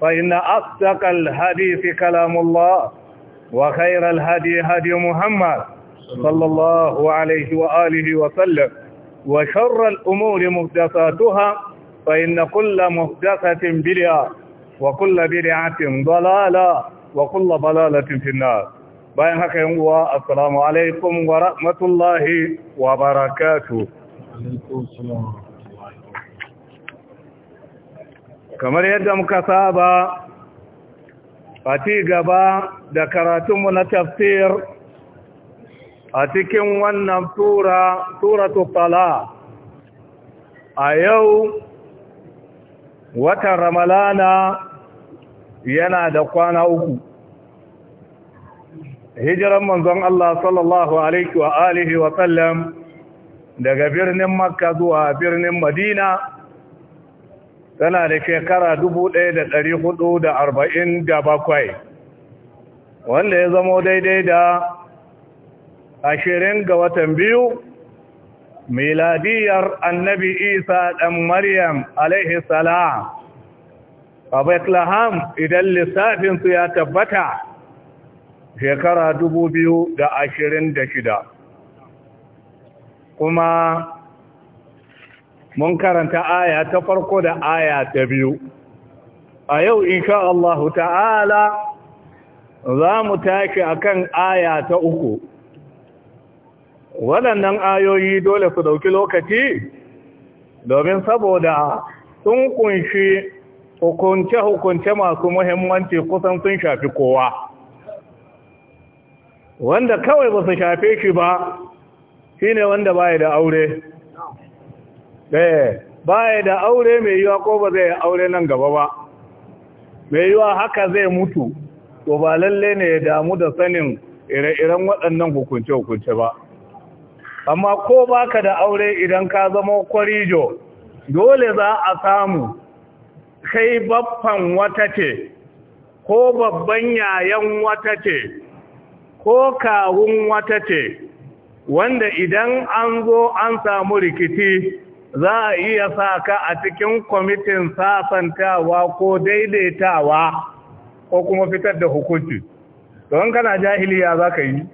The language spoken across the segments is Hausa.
فإن أصدق الحديث كلام الله وخير الهدي هدي محمد صلى الله عليه وآله وسلم وشر الأمور مهدساتها فإن كل مهدسة بدعة وكل بدعة ضلالة وكل ضلالة في النار bayan haka yin uwa assalamu alaikum wa rahmatullahi wa barakatuh kamar yadda muka saba a ci gaba da karatunmu na tafsir a cikin wannan tura tura tuttala a yau watan ramalana yana da kwana uku hijiran manzon Allah sallallahu alaihi wa alihi wa sallam daga birnin makka zuwa birnin madina tana da shekara ɗaya da da hudu arba'in bakwai, wanda ya zamo daidai da ashirin ga watan biyu miladiyar annabi isa ɗan maryam alaihi a bethlehem idan lissafinsu ya tabbata shekara dubu biyu da ashirin da shida, kuma mun karanta aya ta farko da aya ta biyu a yau insha Allah ta'ala za mu tashi akan aya ta uku waɗannan ayoyi dole su ɗauki lokaci domin saboda sun kunshi hukunce-hukunce masu muhimmanci kusan sun shafi kowa wanda kawai ba su shafe shi ba shi wanda baya da aure eh baya da aure mai yiwa ko ba zai aure nan gaba ba mai yiwa haka zai mutu to ba lalle ne ya damu da sanin ire-iren waɗannan hukunce-hukunce ba amma ko ba ka da aure idan ka zama kwarijo dole za a samu kai babban wata ce ko babban yayan wata ce ko kawun wata ce wanda idan an zo an samu rikici za a iya sa ka a cikin kwamitin sasantawa ko daidaitawa ko kuma fitar da hukunci don kana jahiliya za ka yi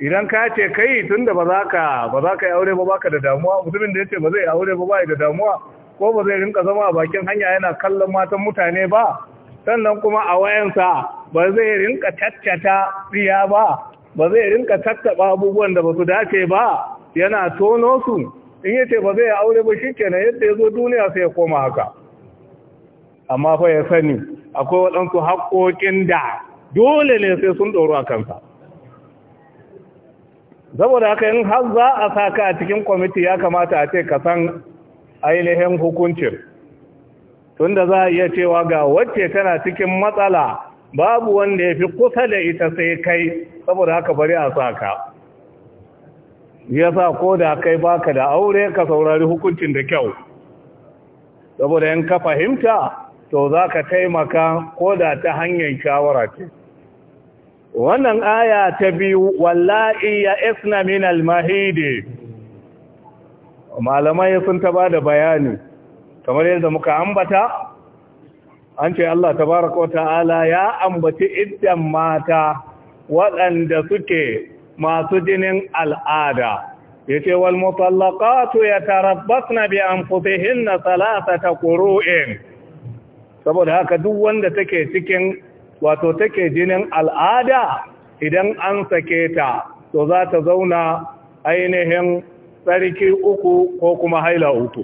idan ka ce kai tun da ba za ka yi aure ba baka da damuwa mutumin da ya ce ba zai aure ba bai da damuwa ko ba zai rinka zama a bakin hanya yana kallon matan mutane ba sannan kuma a wayansa ba zai rinka tattata tsiya ba ba zai rinka tattaba abubuwan da ba su dace ba yana tono su in yace ba zai aure ba shikenan yadda ya zo duniya sai ya koma haka amma fa ya sani akwai waɗansu haƙoƙin da dole ne sai sun ɗoro a kansa saboda haka in har za a sa ka a cikin kwamiti ya kamata a ce ka san ainihin hukuncin tunda za a iya cewa ga wacce tana cikin matsala babu wanda ya fi kusa da ita sai kai saboda haka bari a sa ka ya sa ko da kai baka da aure ka saurari hukuncin da kyau saboda yan ka fahimta to za ka taimaka ko da ta hanyar shawara ce wannan aya ta biyu wallahi ya isna min almahidi malamai sun ta ba da bayani kamar yadda muka ambata an ce Allah tabaraka wa ta'ala ya ambaci idan mata waɗanda suke masu jinin al'ada ya ce wal ya mutallaqatu na bi salasa ta qurun saboda haka duk wanda take cikin wato take jinin al'ada idan an sake ta to za ta zauna ainihin tsarki uku ko kuma haila uku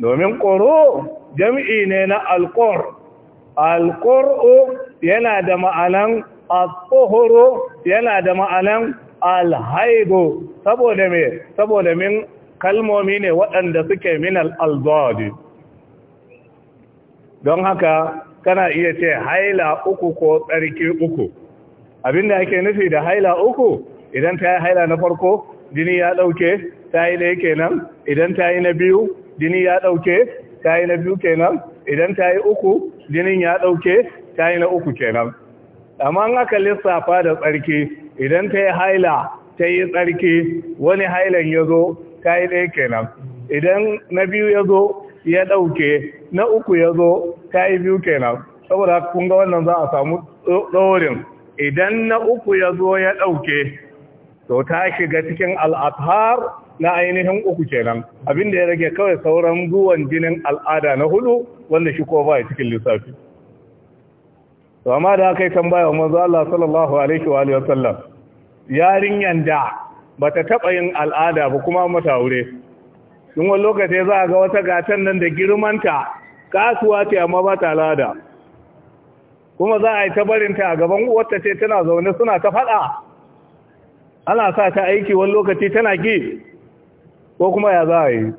domin ƙoro jam'i ne na alƙor alƙor'o yana da ma'anan at-tuhuru yana da ma'anan al saboda me saboda min kalmomi ne waɗanda suke min al-albadi don haka kana iya ce haila uku ko tsarki uku abinda yake nufi da haila uku idan ta yi haila na farko jini ya ɗauke ta yi ɗaya kenan idan ta yi na biyu jini ya ɗauke ta yi na biyu kenan idan ta yi uku jinin ya ɗauke ta yi na uku kenan amma an aka lissafa da tsarki idan ta yi haila ta yi tsarki wani hailan ya zo ta yi ɗaya kenan idan na biyu ya zo ya ɗauke na uku ya zo ta yi biyu kenan saboda kun ga wannan za a samu ɗorin idan na uku ya zo ya ɗauke to ta shiga cikin al'adhar na ainihin uku kenan abinda ya rage kawai sauran zuwan jinin al'ada na hudu wanda shi ko ba cikin lissafi to amma da aka yi tambaya manzo Allah sallallahu alaihi wa sallam yarinyan da bata taba yin al'ada ba kuma mata aure in wani lokaci za a ga wata gatan nan da girmanta kasuwa ce amma ba ta al'ada kuma za a yi ta barinta a gaban uwarta ce tana zaune suna ta faɗa ana sa ta aiki wani lokaci tana ki ko kuma ya za a yi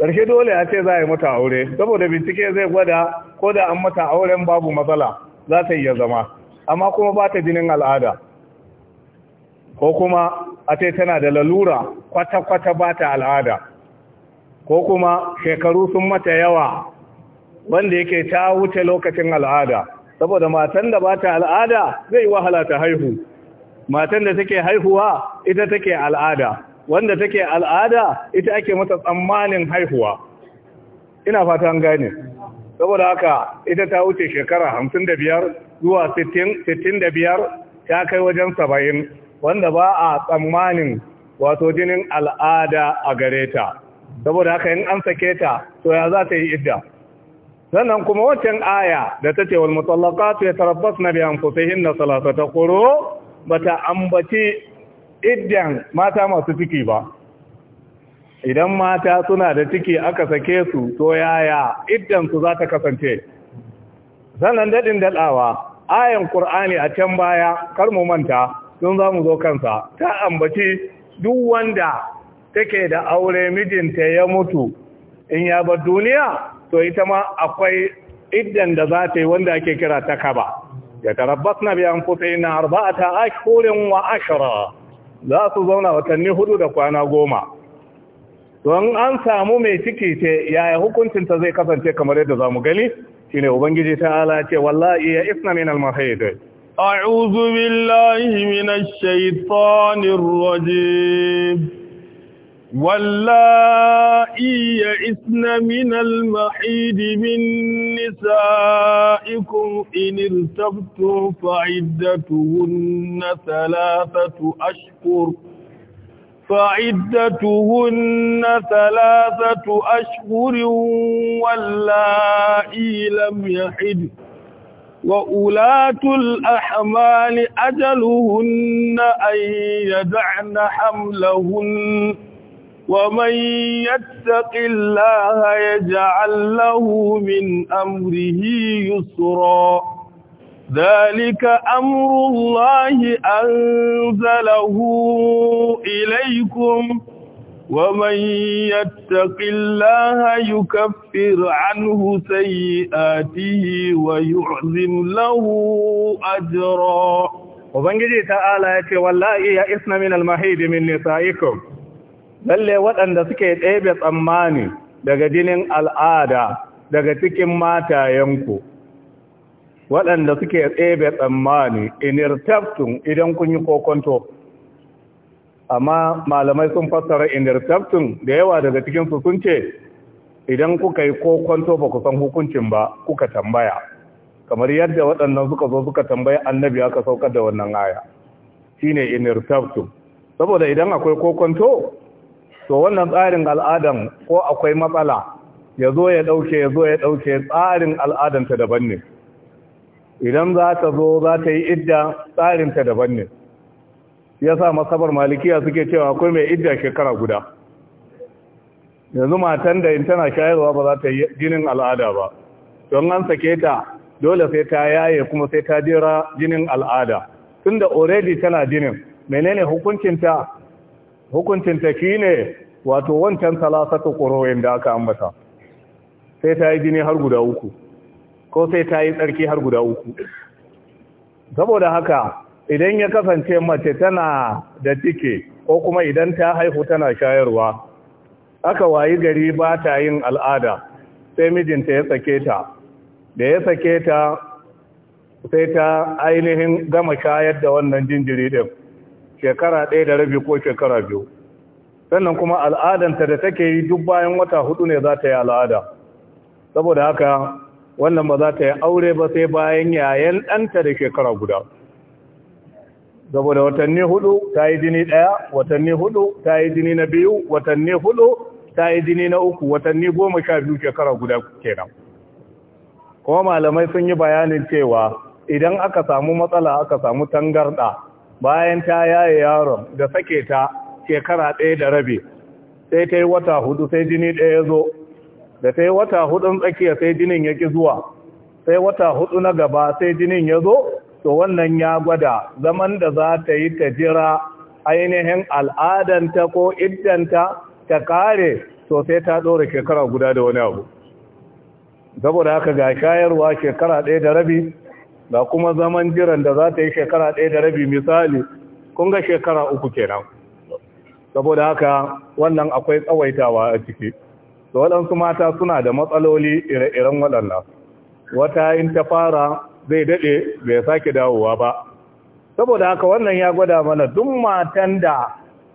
ƙarshe dole ya ce za a yi mata aure saboda bincike zai gwada ko da an mata auren babu matsala za ta iya zama amma kuma ba ta jinin al'ada ko kuma a ce tana da lalura kwata-kwata ba ta al'ada ko kuma shekaru sun mata yawa wanda yake ta wuce lokacin al'ada saboda matan da ba ta al'ada zai wahala ta haihu matan da take haihuwa ita take al'ada wanda take al'ada ita ake mata tsammanin haihuwa ina fatan gane saboda haka ita ta wuce shekara hamsin da zuwa sittin da biyar ta kai wajen saba'in wanda ba a tsammanin wato jinin al'ada a gare ta saboda haka in an sake ta to ya za ta yi idda sannan kuma waccan aya da ta ce wal mutallaqatu yatarabbasna bi anfusihinna salasata quru bata ambaci iddan mata masu ciki ba idan mata suna da ciki aka sake su to yaya idan su za ta kasance sannan daɗin daɗawa ayan ƙur'ani a can baya kar mu manta sun za mu zo kansa ta ambaci duk wanda take da aure mijinta ya mutu in ya bar duniya to ita ma akwai iddan da za ta yi wanda ake kira ta kaba ya tarabbas na biyan ina arba'ata akurin wa ashara za su zauna watanni hudu da kwana goma don an samu mai ciki ce yaya hukuncinta zai kasance kamar yadda za mu gani shine ubangiji ta ala ce wallahi ya isna min al-mahayid a'udhu billahi minash shaitanir rajim واللائي إثن من المحيد من نسائكم إن ارتبتم فعدتهن ثلاثة أشهر فعدتهن ثلاثة أشهر واللائي لم يحد وأولات الأحمال أجلهن أن يدعن حملهن ومن يتق الله يجعل له من أمره يسرا ذلك أمر الله أنزله إليكم ومن يتق الله يكفر عنه سيئاته ويعظم له أجرا وبنجي تعالى يتي والله يئسن من المحيد من نسائكم lalle waɗanda suke ɗebe tsammani daga jinin al'ada daga cikin matayenku waɗanda suke ɗebe tsammani inirtaftun idan kun yi kokonto amma malamai sun fassara inirtaftun da yawa daga cikinsu sun ce idan kuka yi kokonto ba ku san hukuncin ba kuka tambaya kamar yadda waɗannan suka zo suka tambayi annabi aka saukar da wannan aya shine inirtaftun saboda idan akwai kokonto to wannan tsarin al'adan ko akwai matsala ya zo ya ɗauke ya zo ya ɗauke tsarin al'adanta daban ne idan za ta zo za ta yi idda tsarinta daban ne ya sa masabar malikiya suke cewa akwai mai idda shekara guda yanzu matan da in tana shayarwa ba za ta yi jinin al'ada ba don an sake ta dole sai ta yaye kuma sai ta jira jinin al'ada tunda da already tana jinin menene hukuncinta hukuncin ta ne wato wancan salasatu qura'in da aka ambata sai ta yi jini har guda uku ko sai ta yi tsarki har guda uku saboda haka idan ya kasance mace tana da ciki ko kuma idan ta haihu tana shayarwa aka wayi gari ba ta yin al'ada sai mijinta ya sake ta da ya sake ta sai ta ainihin gama shayar da wannan jinjiri din shekara ɗaya da rabi ko shekara biyu sannan kuma al'adanta da take yi duk bayan wata hudu ne za ta yi al'ada saboda haka wannan ba za ta yi aure ba sai bayan yayan ɗanta da shekara guda saboda watanni hudu ta yi jini ɗaya watanni hudu ta yi jini na biyu watanni hudu ta yi jini na uku watanni goma sha biyu shekara guda kenan kuma malamai sun yi bayanin cewa idan aka samu matsala aka samu tangarɗa bayan ta yaye yaron da sake ta shekara ɗaya da rabi sai ta yi wata hudu sai jini ɗaya ya zo da ta yi wata hudun tsakiya sai jinin ya ƙi zuwa sai wata hudu na gaba sai jinin ya zo to wannan ya gwada zaman da za ta yi ta jira ainihin al'adanta ko iddanta ta kare to sai ta ɗora shekara guda da wani abu saboda haka ga shayarwa shekara ɗaya da rabi Da kuma zaman jiran da za ta yi shekara ɗaya da rabi misali kun ga shekara uku kenan saboda haka wannan akwai tsawaitawa a ciki da waɗansu mata suna da matsaloli ire-iren waɗannan wata in ta fara zai daɗe bai sake dawowa ba saboda haka wannan ya gwada mana duk matan da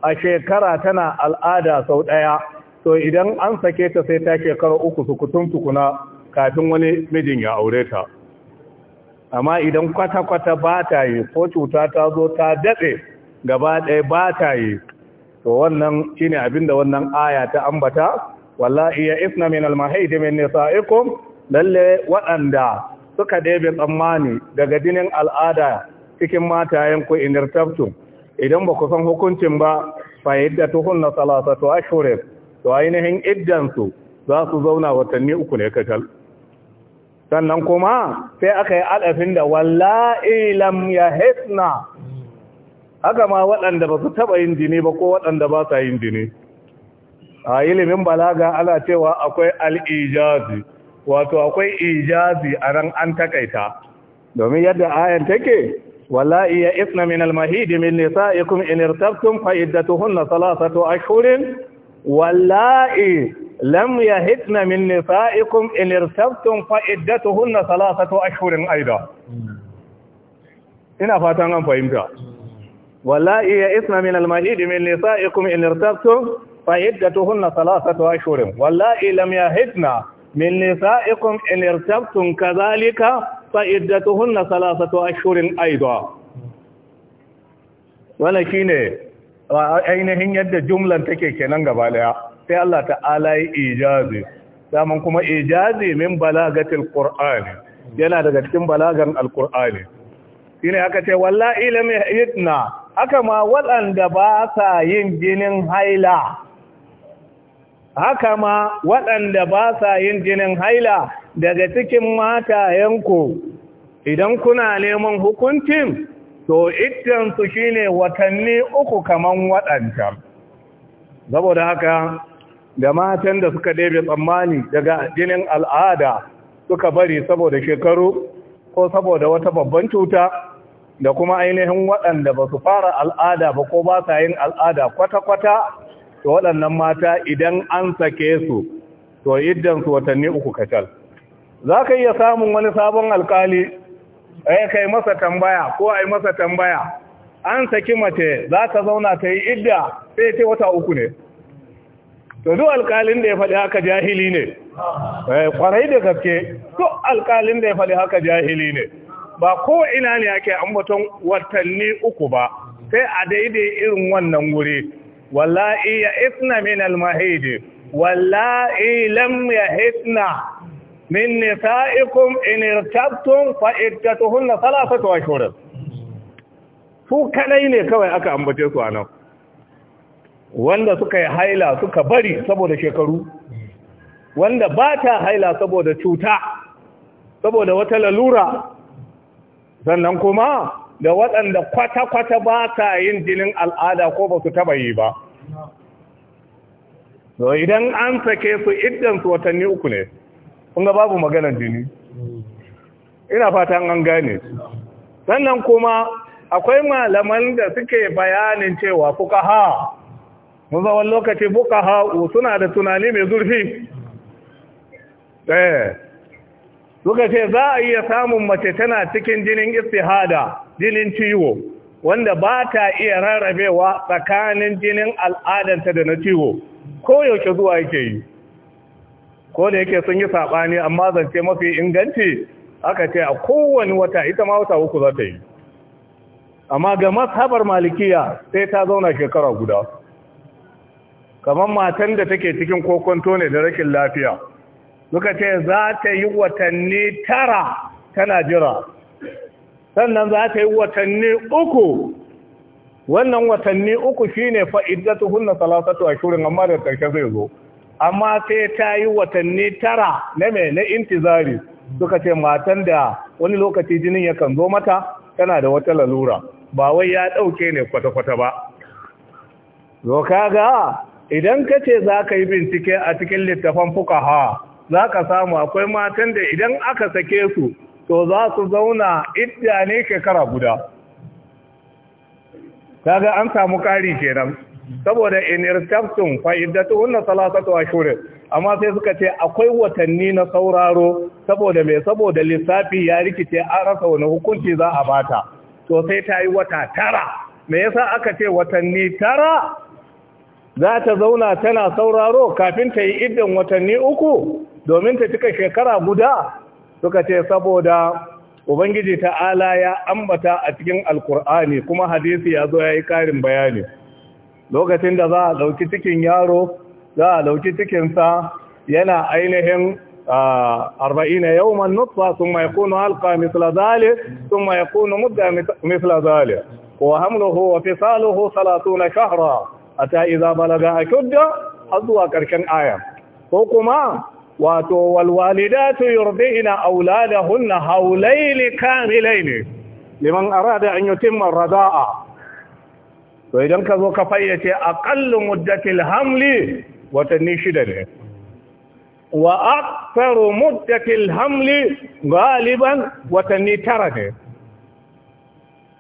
a shekara tana al'ada sau ɗaya to idan an sake ta sai ta shekara uku su sukutun tukuna kafin wani mijin ya aure ta amma idan kwata-kwata ba ta yi ko cuta ta zo ta daɗe gaba ɗaya ba ta yi to wannan shi ne abinda wannan aya ta ambata wallahi ya isna min almahid min nisaikum lalle waɗanda suka ɗebe tsammani daga jinin al'ada cikin matayen ku inirtabtum idan ba ku san hukuncin ba fa salasa salasatu ashhur to ainihin iddansu za su zauna watanni uku ne kacal sannan kuma sai aka yi alafin da wallahi lam yahsna haka ma waɗanda ba su taɓa yin jini ba ko waɗanda ba sa yin jini a ilimin balaga ana cewa akwai al'ijazi wato akwai ijazi a ran an takaita domin yadda ayan take wallahi ya isna min almahid min nisa'ikum in irtabtum fa iddatuhunna a ashhurin wallahi lam hitna min nisa'ikum in irtabtum fa iddatuhunna thalathatu ashhurin aida ina fatan an fahimta wallahi isna min al-mahid min nisa'ikum in irtabtum fa iddatuhunna thalathatu ashhurin wallahi lam yahitna min nisa'ikum in irtabtum kadhalika fa iddatuhunna thalathatu ashhurin aida wala shine ainihin yadda jumlan take kenan gaba daya sai Allah ta'ala yi ijazi daman kuma ijazi min balagatil qur'ani yana daga cikin balagan alqur'ani shine aka ce wallahi lam yahidna haka ma wadanda ba sa yin jinin haila haka ma wadanda ba sa yin jinin haila daga cikin matayenku idan kuna neman hukuncin to su shine watanni uku kaman waɗancan saboda haka da matan da suka ɗebe tsammani daga jinin al'ada suka bari saboda shekaru ko saboda wata babban cuta da kuma ainihin waɗanda ba su fara al'ada ba ko ba sa yin al'ada kwata-kwata da waɗannan mata idan an sake su to iddansu watanni uku kacal za ka iya samun wani sabon alkali ai eh, kai masa tambaya ko ai masa tambaya an saki mace za ta zauna ta yi idda sai ce wata uku ne to duk alkalin da ya faɗi haka jahili ne kwarai eh, da gaske duk alkalin da ya faɗi haka jahili ne ba ko ina ne ake ambaton watanni uku ba sai a daidai irin wannan wuri wallahi ya isna min almahidi wallahi lam ya isna min nisa'ikum in irtabtum fa iddatuhunna thalathatu ashhur su kadai ne kawai aka ambace su anan wanda suka yi haila suka bari saboda shekaru wanda ba ta haila saboda cuta saboda wata lalura sannan kuma da waɗanda kwata-kwata ba ta yin jinin al'ada ko ba su taba yi ba so idan an sake su iddansu watanni uku ne kuma babu maganar jini ina fatan an gane sannan kuma akwai malaman da suke bayanin cewa fuka ha mun zama lokaci buka ha'u suna da tunani mai zurfi ɗaya eh. suka ce za a iya samun mace tana cikin jinin istihada jinin ciwo wanda ba ta iya rarrabewa tsakanin jinin al'adanta da na ciwo ko yauke zuwa yake yi ko da yake sun yi saɓani amma zance mafi inganci aka ce a kowane wata ita ma wata uku za ta yi amma ga mashabar malikiya sai ta zauna shekara guda kamar matan da take cikin kokonto ne da rakin lafiya suka ce za ta yi watanni tara tana jira sannan za ta yi watanni uku wannan watanni uku shi ne fa'idatu hunna salasatu ashurin amma da karshe zai zo amma sai ta yi watanni tara na mai na intizari suka ce matan da wani lokaci jinin yakan zo mata tana da wata lalura ba wai ya ɗauke ne kwata-kwata ba zo kaga idan ka ce za ka yi bincike a cikin littafan fukaha za ka samu akwai matan da idan aka sake su to za su zauna idda ne shekara guda kaga an samu ƙari kenan saboda in irtabtum fa salatatu salasatu shurin. amma sai suka ce akwai watanni na sauraro saboda me saboda lissafi ya rikice an rasa wani hukunci za a bata to sai ta yi wata tara me yasa aka ce watanni tara za ta zauna tana sauraro kafin ta yi idon watanni uku domin ta cika shekara guda suka ce saboda ubangiji ta'ala ya ambata a cikin alkur'ani kuma hadisi ya zo ya yi karin bayani lokacin da za a ɗauki cikin yaro za a ɗauki cikinsa yana ainihin arba'ina yawman nutfa sun mai kunu halka misla zale sun mai kunu mudda misla zale ko hamluhu wa salatu na shahara. a taiza balaga akudda a zuwa karshen aya ko kuma wato walwalidatu hunna auladahunna Kamilai ne. liman arada an yutimma razaa. to idan ka zo ka fayyace aqallu muddatil hamli watanni shida ne wa aktaru muddatil hamli galiban watanni tara ne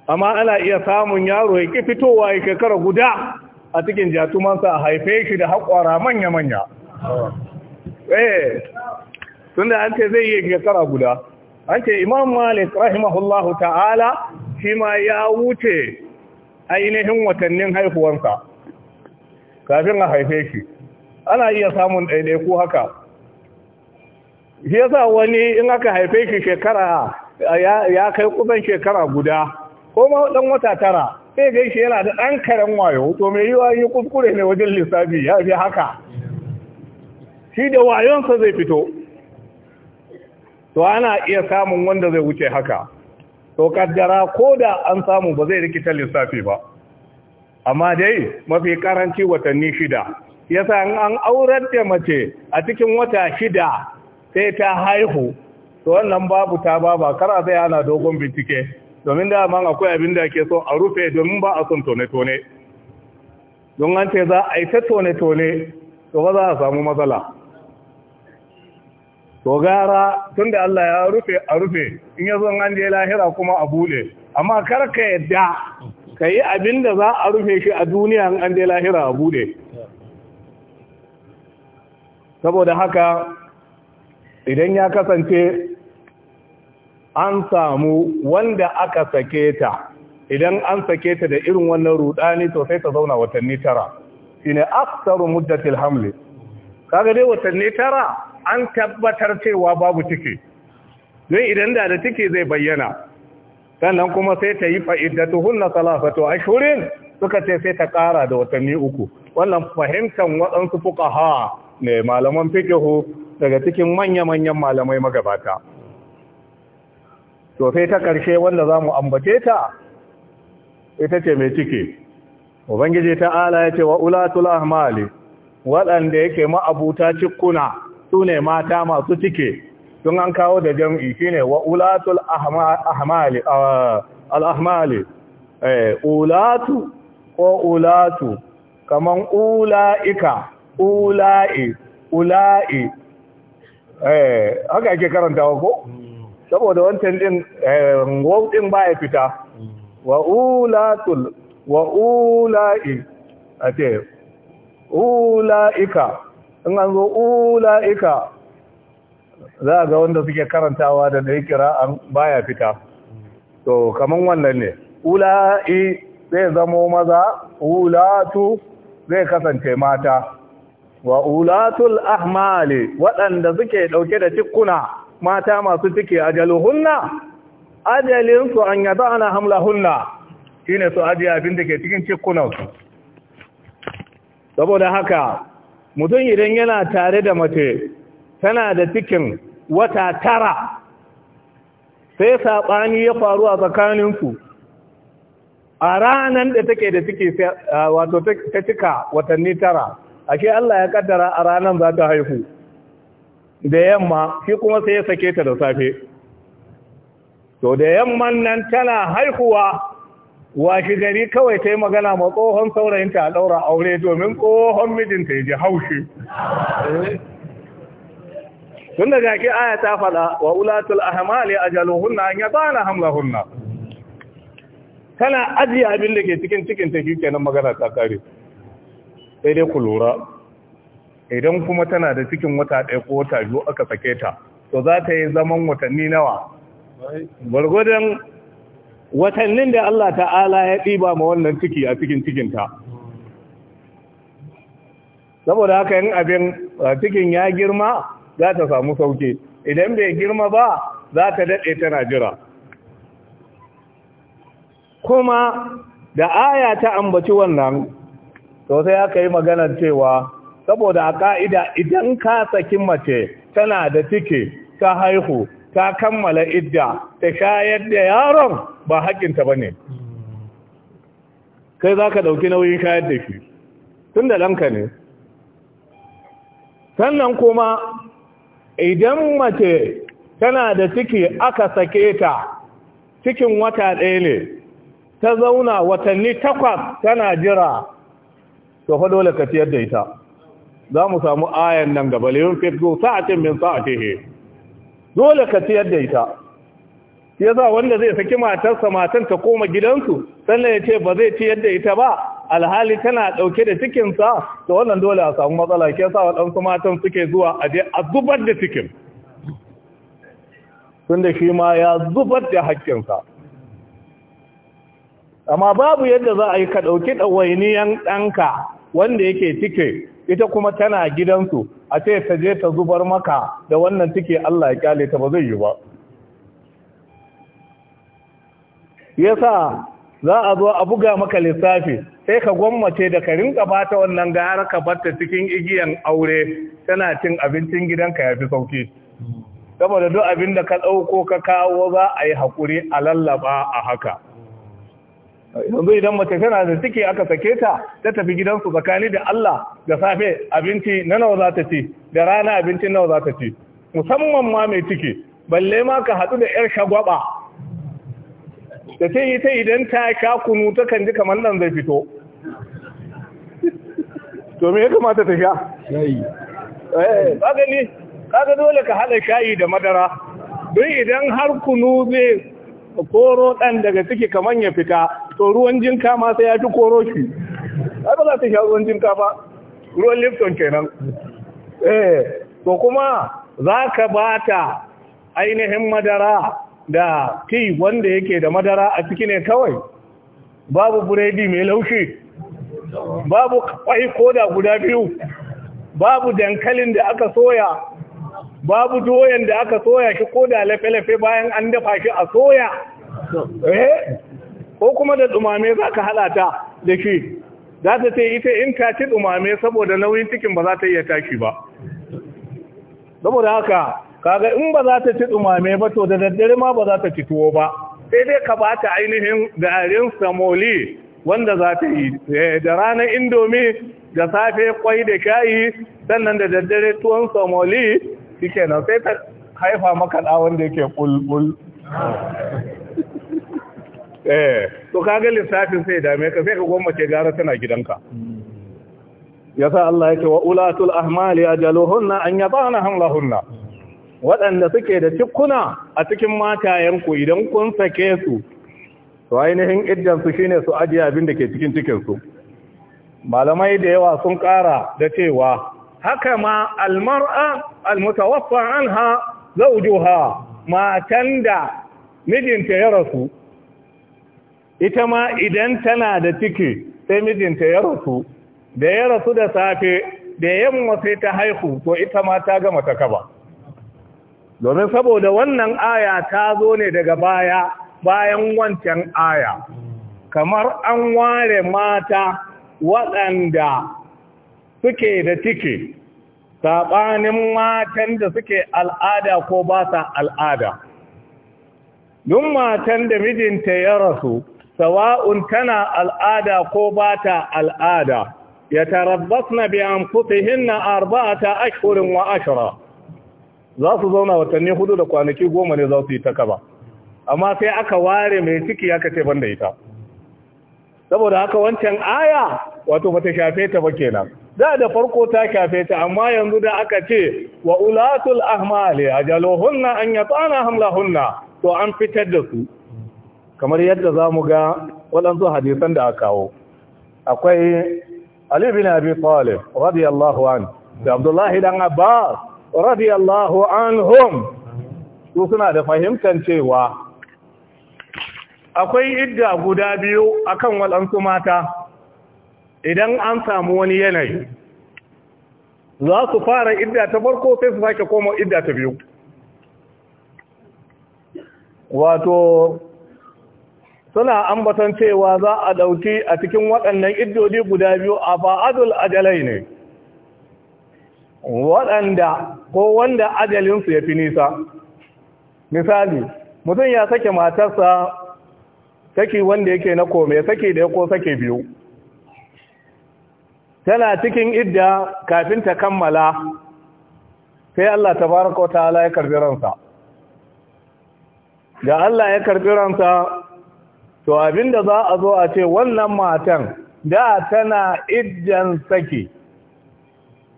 amma ana iya samun yaro ya ƙi fitowa ya shekara guda a cikin jatumansa a haife shi da haƙwara manya-manya eh tun da an ce zai yi shekara guda an ce imam malik rahimahullahu ta'ala shi ma ya wuce ainihin watannin haifuwansa kafin a haife shi ana iya samun ɗaiɗaiku haka shi yasa wani in aka haife shi shekara ya kai kusan shekara guda ko ma ɗan wata tara sai ga shi yana da ɗan karen wayo to mai yiwa yi kuskure ne wajen lissafi ya fi haka shi da wayonsa zai fito to ana iya samun wanda zai wuce haka to kaddara ko da an samu ba zai rikita lissafi ba amma dai mafi karanci watanni shida yasa an aurar da mace a cikin wata shida sai ta haihu to wannan babu ta ba ba a zai ana dogon bincike domin daman akwai abin da ke son a rufe domin ba a son tone-tone don an ce za a yi ta tone-tone to ba za a samu matsala to gara tun da Allah ya rufe a rufe in ya son an je lahira kuma a bude amma kar ka yadda ka yi abin da za a rufe shi a duniya an je lahira a bude saboda haka idan ya kasance an samu wanda aka sake ta idan an sake ta da irin wannan rudani to sai ta zauna watanni tara shine aktsaru muddatil hamli kaga dai watanni tara an tabbatar cewa babu ciki don idan da da ciki zai bayyana sannan kuma sai ta yi fa'iddatuhunna salasatu ashhurin suka ce sai ta ƙara da watanni uku wannan fahimtar waɗansu fuqaha ne malaman fiqh daga cikin manya-manyan malamai magabata to sai ta ƙarshe wanda za mu ambace ta ita ce mai cike ubangiji Ala ya ce wa ulatul ahmali waɗanda yake ma'abuta cikuna su ne mata masu cike sun an kawo da jam'i shine wa ulatul ahmali al eh, ulatu ko ulatu kaman ula'ika ula'i ula'i eh haka ake karantawa ko saboda wancan din eh, waw din ba ya fita wa ulatul wa ulai ulaika in an zo ulaika za ga wanda suke karantawa da da ba baya fita to kaman wannan ne ula'i zai zamo maza ulatu zai kasance mata wa ulatul ahmali waɗanda suke ɗauke da cikuna mata masu ciki hunna? ajaluhunna ajalinsu an yada ana hamlahunna shi ne su ajiye abin da ke cikin cikunan. saboda haka mutum idan yana tare da mace tana da cikin wata tara sai saɓani ya faru a tsakaninku a ranar da take da ciki wato ta cika watanni tara ake Allah ya kaddara a ranar za ta haihu da yamma shi kuma sai ya sake ta da safe to da yamman nan tana haihuwa washi gari kawai ta yi magana ma tsohon saurayinta a ɗaura aure domin tsohon mijinta ya ji haushi tun da gaki aya ta fada wa ulatul ahmali ajaluhunna an yadana hamlahunna tana ajiye abin da ke cikin cikin ta kenan magana ta kare sai dai ku lura idan kuma tana da cikin wata ɗaya ko wata biyu aka sake ta to za ta yi zaman watanni nawa gwargwadon watannin da Allah ta'ala ya ɗiba ma wannan ciki a cikin cikinta saboda haka yin abin cikin ya girma za ta samu sauke idan bai girma ba za ta daɗe tana jira kuma da aya ta ambaci wannan to sai aka yi maganar cewa saboda a ka'ida idan ka saki mace tana da ciki ta haihu ta kammala idda ta shayar da yaron ba haƙinta ba ne kai za ka ɗauki nauyin shayar da shi tun da ɗanka ne sannan kuma idan mace tana da ciki aka sake ta cikin wata ɗaya ne ta zauna watanni takwas tana jira to fa dole ka ciyar da ita za mu samu ayan nan gaba liyun fitgo sa'atin min sa'atihi dole ka ciyar da ita ya za wanda zai saki matarsa matan ta koma gidansu sannan ya ce ba zai ciyar da ita ba alhali tana ɗauke da cikinsa to wannan dole a samu matsala ke sa waɗansu matan suke zuwa a je a zubar da cikin tun da shi ma ya zubar da haƙƙinsa amma babu yadda za a yi ka ɗauki ɗawainiyan ɗanka wanda yake cike ita kuma tana gidansu a ce ta je ta zubar maka da wannan take Allah ya kyale ta ba zai yi ba yasa za a zo a buga maka lissafi sai ka gwammace da ka rinka bata wannan gara ka batta cikin igiyan aure tana cin abincin gidanka ya fi sauki saboda duk abin da ka ɗauko ka kawo za a yi haƙuri a lallaba a haka yanzu idan mace tana da ciki aka sake ta ta tafi gidansu tsakani da Allah da safe abinci na nawa za ta ci da rana abinci nawa za ta ci musamman ma mai ciki balle ma ka haɗu da yar shagwaba da ta yi ta idan ta sha kunu ta kan ji kamar nan zai fito to me ya kamata ta sha eh ka gani kaga dole ka haɗa shayi da madara don idan har kunu zai koro ɗan daga ciki kamar ya fita to ruwan jinka ma sai ya fi koro shi ba za ta sha ruwan jinka ba ruwan lifton kenan eh to kuma za ka ba ta ainihin madara da ti wanda yake da madara a ciki ne kawai babu buredi mai laushi babu kwai koda guda biyu babu dankalin da aka soya babu doyan da aka soya shi ko da lafe-lafe bayan an dafa shi a soya eh ko kuma da dumame za ka ta da shi za ta ce ita in ta ci dumame saboda nauyin cikin ba za ta iya tashi ba saboda haka kaga in ba za ta ci dumame ba to da daddare ma ba za ta ci tuwo ba sai dai ka ba ta ainihin garin samoli wanda za ta yi eh, da ranar indomi da safe kwai da shayi sannan da daddare tuwon samoli shi kenan sai ta haifa maka ɗa wanda yake ƙulƙul eh to ga lissafin sai dame ka sai ka ce gara tana gidanka Ya sa Allah ya ce wa ulatul ahmali Hunna an yadana hunna. waɗanda suke da cikuna a cikin matayenku idan kun sake su to ainihin iddan su shine su ajiye abin da ke cikin cikin malamai da yawa sun ƙara da cewa haka ma almar'a almutawaffa anha zawjuha matan da mijinta ya rasu ita ma idan tana da ciki sai mijinta ya rasu da ya rasu da safe da yamma sai ta haihu to ita ma ta gama ta kaba domin saboda wannan aya ta zo ne daga baya bayan wancan aya kamar an ware mata waɗanda suke da ciki saɓanin matan da suke al'ada ko ba sa al'ada duk matan da mijinta ya rasu sawa'un tana al'ada ko ba ta al'ada ya tarabbas na tarabbasna bi anfusihinna ta ashirin wa ashira. za su zauna watanni hudu da kwanaki goma ne za su yi ta kaba amma sai aka ware mai ciki ya kace banda ita saboda haka wancan aya wato bata shafe ta ba kenan Za da farko ta shafe ta amma yanzu da aka ce wa ulatul ahmali jalohunna an hamla Hunna to an fitar da su kamar yadda za mu ga waɗansu hadisan da aka kawo akwai Ali bin Abi Talib radiyallahu an da Abdullahi dan Abbas radiyallahu anhum su suna da fahimtar cewa akwai idda guda biyu akan waɗansu mata idan an samu wani yanayi za su fara idda ta farko sai su sake koma idda ta biyu wato suna ambaton cewa za a ɗauki a cikin waɗannan iddodi guda biyu a fa'adul ajalai ne waɗanda ko wanda ajalinsu ya fi nisa misali mutum ya sake matarsa saki wanda yake na kome saki da ko sake biyu tana cikin idda kafin ta kammala sai Allah baraka wa ta ya karbi ransa da Allah ya karbi ransa to abinda za a zo a ce wannan matan da tana idjan saki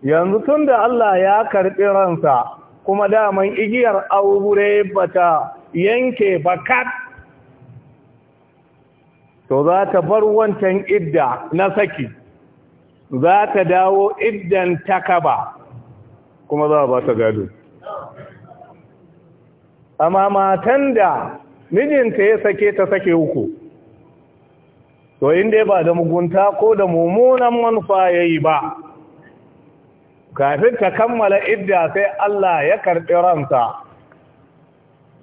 yanzu tun da Allah ya karɓi ransa kuma daman igiyar aure bata yanke bakat to za ta bar wancan idda na saki za ta dawo iddan takaba kuma za ba ta gado amma matan da mijinta ya sake ta sake uku to dai ba da mugunta ko da mummunan manufa ya yi ba kafin ta kammala idda sai Allah ya karɓi ransa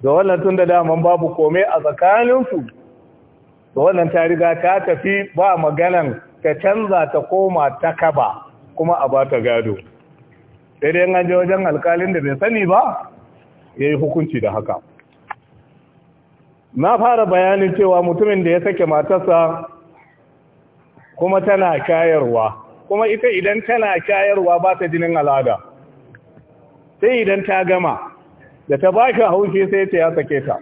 da wannan tun da daman babu kome a tsakaninsu da wannan ta riga ta tafi ba maganan ta canza ta koma ta kaba kuma a ba ta gado dai an je wajen alkalin da bai sani ba ya yi hukunci da haka na fara bayanin cewa mutumin da ya sake matarsa kuma tana kayarwa, kuma ita idan tana kayarwa ba ta jinin al'ada sai idan ta gama da ta baki haushi sai ta ya sake ta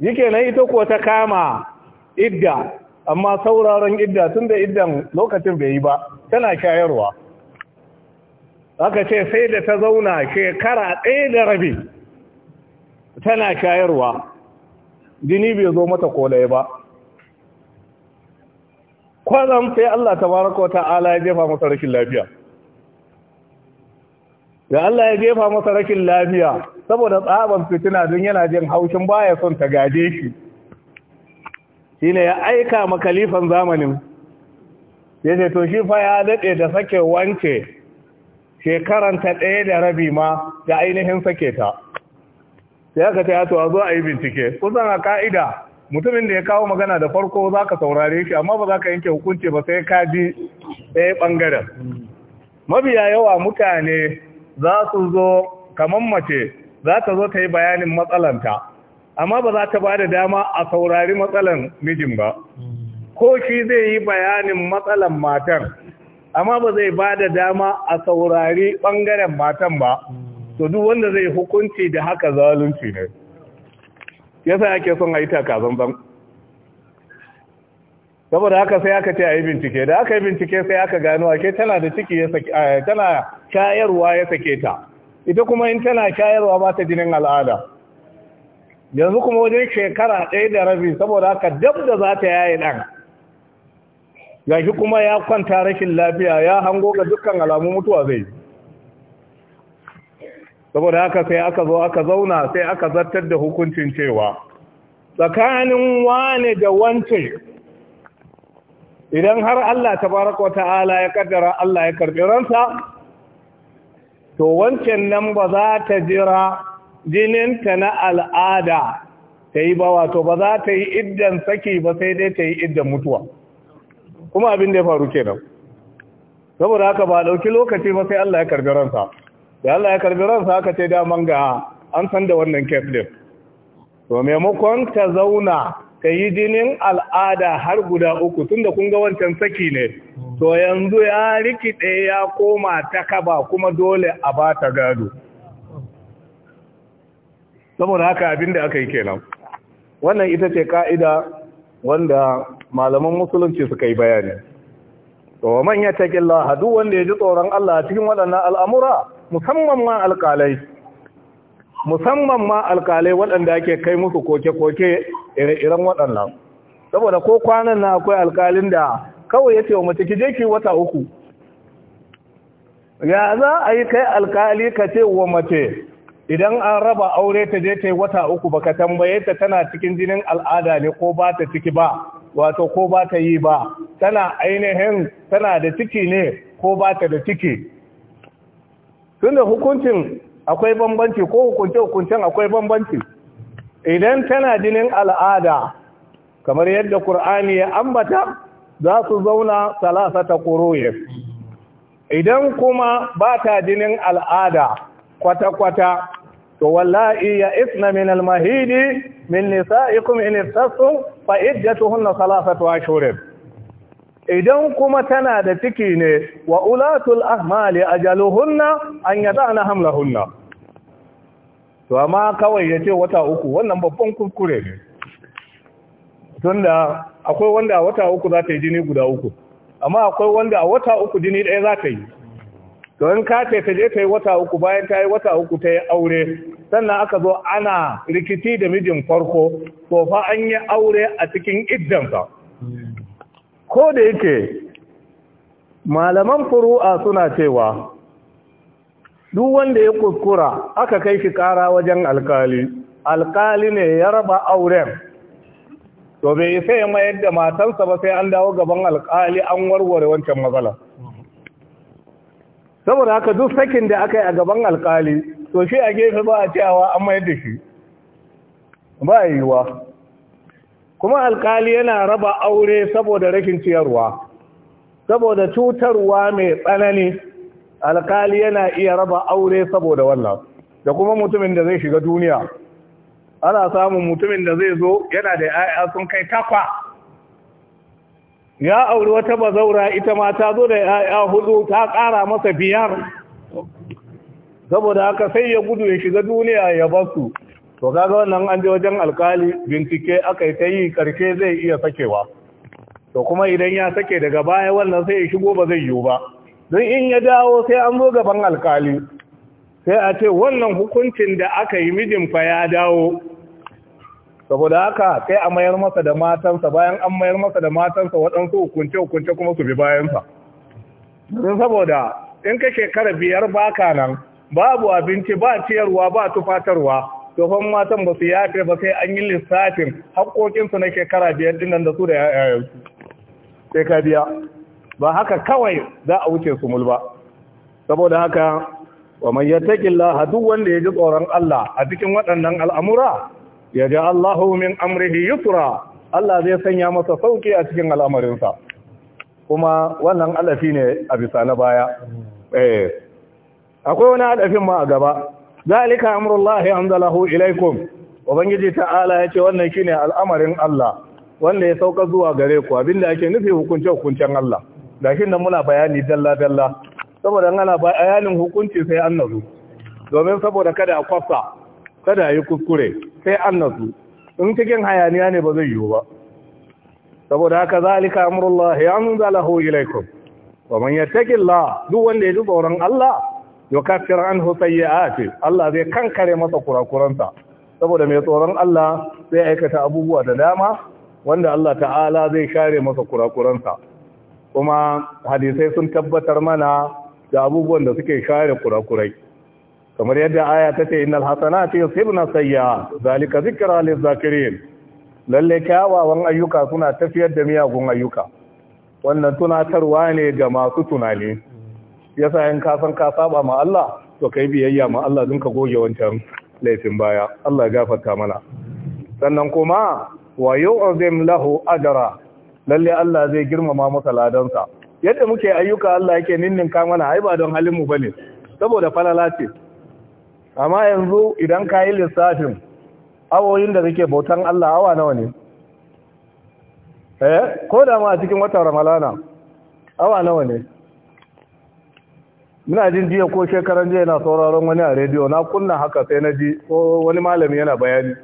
yake nan ita ko ta kama idda amma sauraron idda tun da iddan lokacin bai yi ba tana kayarwa. aka ce sai da ta zauna shekara ɗaya da rabi tana shayarwa jini bai zo mata kolai ba kwazan sai Allah tabaraka ta'ala ya jefa masa rashin lafiya da Allah ya jefa masa rashin lafiya saboda tsaban fitina don yana jin haushin baya son ta gaje shi shine ya aika ma kalifan zamanin ya ce to shi fa ya daɗe da sake wance shekaranta ɗaya da rabi ma da ainihin sake ta sai aka ce to a zo a yi bincike kusan a ka'ida mutumin da ya kawo magana da farko za ka saurare shi amma ba za ka yanke hukunci ba sai ka ji ɗaya ɓangaren mabiya yawa mutane za su zo kamar mace za ta zo ta yi bayanin matsalanta amma ba za ta ba da dama a saurari matsalan mijin ba ko shi zai yi bayanin matsalan matan amma ba zai ba da dama a saurari ɓangaren matan ba to duk wanda zai hukunci da haka zalunci ne yasa ake son a yi takazanban saboda haka sai aka ce ayi bincike da aka yi bincike sai aka gano ake tana da ciki ya sake tana shayarwa ya sake ta ita kuma in tana kayarwa, ba ta jinin al'ada yanzu kuma wajen shekara ɗaya da rabi saboda haka dab da za ta yaye ɗan gashi kuma ya kwanta rashin lafiya ya hango ga dukkan alamu mutuwa zai yi saboda haka sai aka zo aka zauna sai aka zartar da hukuncin cewa tsakanin wane da wance idan har Allah ta tabaraka ta'ala ya kaddara Allah ya karbi ransa to wancan nan ba za ta jira jininta na al'ada ta yi ba wato ba za ta yi iddan saki ba sai dai ta yi iddan mutuwa kuma abin da ya faru kenan saboda haka ba dauki lokaci ba sai Allah ya karbi ransa da Allah ya karbi ransa aka ce daman ga an san da wannan kes din to maimakon ta zauna ta yi jinin al'ada har guda uku tun da kunga wancan saki ne to yanzu ya rikide ya koma ta kaba kuma dole a ba ta gado saboda haka abin da aka yi kenan wannan ita ce ka'ida wanda malaman musulunci suka yi bayani wa man ta duk wanda ya ji tsoron Allah cikin waɗannan al'amura musamman ma alƙalai musamman ma alƙalai waɗanda ake kai musu koke-koke ire-iren waɗannan saboda ko kwanan na akwai alƙalin da kawai ya ce wa mace kije ki wata uku ya za a yi kai alƙali ka ce wa mace idan an raba aure ta je ta yi wata uku baka tambaye ta tana cikin jinin al'ada ne ko ba ta ciki ba wato ko ba ta yi ba tana ainihin tana da ciki ne ko ba ta da ciki tunda hukuncin akwai bambanci ko hukunce-hukuncen akwai bambanci idan tana jinin al'ada kamar yadda Kur'ani ya ambata za su zauna salasa ta ƙoroye idan kuma ba ta jinin al'ada kwata-kwata to wallahi ya isna min almahidi min nisa'ikum in irtasum fa iddatuhunna thalathatu ashhurin idan kuma tana da ciki ne wa ulatul ahmali ajaluhunna an yadana hamlahunna to amma kawai yace wata uku wannan babban kuskure ne tunda akwai wanda a wata uku za ta yi jini guda uku amma akwai wanda a wata uku jini ɗaya za ta yi to in ka ce ta je ta yi wata uku bayan ta yi wata uku ta yi aure sannan aka zo ana rikici da mijin farko to fa an yi aure a cikin iddansa ko da yake malaman furu'a suna cewa duk wanda ya kuskura aka kai shi kara wajen alkali alkali ne ya raba auren to bai sai ya mayar da matansa ba sai an dawo gaban alkali an warware wancan matsalar. saboda haka duk sakin da aka yi a gaban alkali to shi a gefe ba a cewa an mayar da shi ba a yiwuwa kuma alkali yana raba aure saboda rashin ciyarwa saboda cutarwa mai tsanani alkali yana iya raba aure saboda wannan da kuma mutumin da zai shiga duniya ana samun mutumin da zai zo yana da 'ya'ya sun kai takwa ya auri wata bazaura ita ma ta zo da ya hudu ta ƙara masa biyar saboda haka sai ya gudu ya shiga duniya ya basu to kaga wannan an je wajen alkali bincike aka yi ta yi karshe zai iya sakewa to kuma idan ya sake daga baya wannan sai ya shigo ba zai yiwu ba don in ya dawo sai an zo gaban alkali sai a ce wannan hukuncin da aka yi mijin fa ya dawo saboda haka sai a mayar masa da matansa bayan an mayar masa da matansa waɗansu hukunce-hukunce kuma su bi bayansa don saboda in ka shekara biyar baka nan babu abinci ba ciyarwa ba tufatarwa tofan matan ba su yafe ba sai an yi lissafin haƙoƙinsu na shekara biyar dinnan da su da yayayensu sai ka biya ba haka kawai za a wuce su mulba saboda haka wa man yattaqillaha duk wanda ya ji tsoron Allah a cikin waɗannan al'amura ya ji Allahu min amrihi yusra Allah zai sanya masa sauki a cikin al'amarinsa kuma wannan alafi ne a bisa na baya eh akwai wani alafin ma a gaba zalika amrullahi anzalahu ilaikum ubangiji ta'ala ya ce wannan shine al'amarin Allah wanda ya sauka zuwa gare ku abinda ake nufi hukunce hukuncen Allah gashin nan muna bayani dalla dalla saboda ana bayanin hukunci sai an domin saboda kada a kwasa. kada yi kuskure sai an nasu in cikin hayaniya ne ba zai yiwu ba saboda haka zalika amrullahi anzalahu ilaykum wa man yattaqillah duk wanda ya ji tsoron Allah yukaffir anhu sayyi'ati Allah zai kankare masa kurakuransa saboda mai tsoron Allah zai aikata abubuwa da dama wanda Allah ta'ala zai share masa kurakuransa kuma hadisai sun tabbatar mana da abubuwan da suke share kurakurai kamar yadda aya ta ce innal hasanati yusibna sayya zalika zikra lizakirin lalle kyawawan ayyuka suna tafiyar da miyagun ayyuka wannan tunatarwa ne ga masu tunani yasa in ka san ka saba ma Allah to kai biyayya ma Allah dinka goge wancan laifin baya Allah ya gafarta mana sannan kuma wa yu'zim lahu ajra lalle Allah zai girmama masa ladansa yadda muke ayyuka Allah yake ninninka mana ai ba don halin mu bane saboda falala ce amma yanzu idan ka yi lissafin awoyin da suke bautan Allah awa nawa ne eh ko da ma a cikin watan ramalana awa nawa ne muna jin jiya ko shekaran jiya na sauraron wani a rediyo na kunna haka sai na ji ko wani malami yana bayani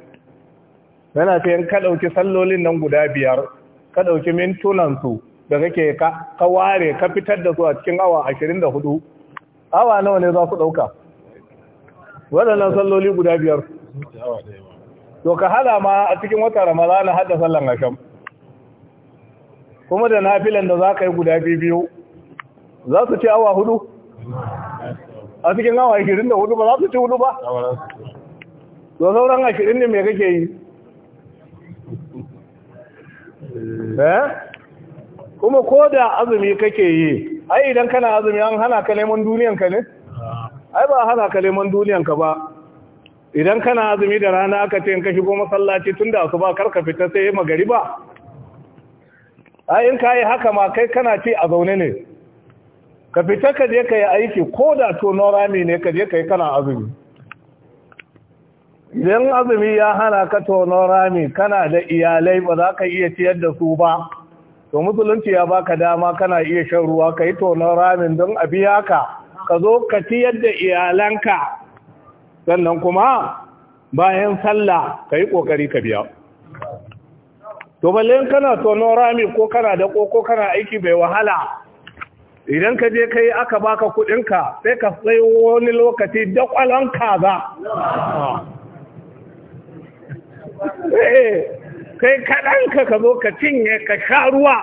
yana ce yin ka ɗauki sallolin nan guda biyar ka ɗauki mintunansu da kake ka ware ka fitar da su a cikin awa ashirin da hudu awa nawa ne za su ɗauka waɗannan salloli guda biyar to ka hada ma a cikin wata ramadana hada sallan asham kuma da nafilan da za ka yi guda biyu za su ci awa hudu a cikin awa ashirin da hudu ba za su ci hudu ba to sauran ashirin ne mai kake yi eh? kuma ko da azumi kake yi ai idan kana azumi an hana ka neman duniyanka ne ai ba hana ka neman duniyanka ba idan kana azumi da rana aka ce in ka shigo masallaci tunda da su ba karka fita sai magariba ai in ka haka ma kai kana ci a zaune ne ka fita ka je ka aiki ko da to rami ne ka je ka kana azumi idan azumi ya hana ka to rami kana da iyalai ba za ka iya ciyar da su ba to musulunci ya baka dama kana iya shan ruwa ka yi tonon don a biya ka ka zo ka ciyar da iyalanka sannan kuma bayan sallah ka yi ƙoƙari ka biya to balle kana tonon rami ko kana da ko kana aiki bai wahala idan ka je ka yi aka baka kudinka sai ka sai wani lokaci da dakwalon kaza eh, kai kaɗanka ka zo ka cinye ka sha ruwa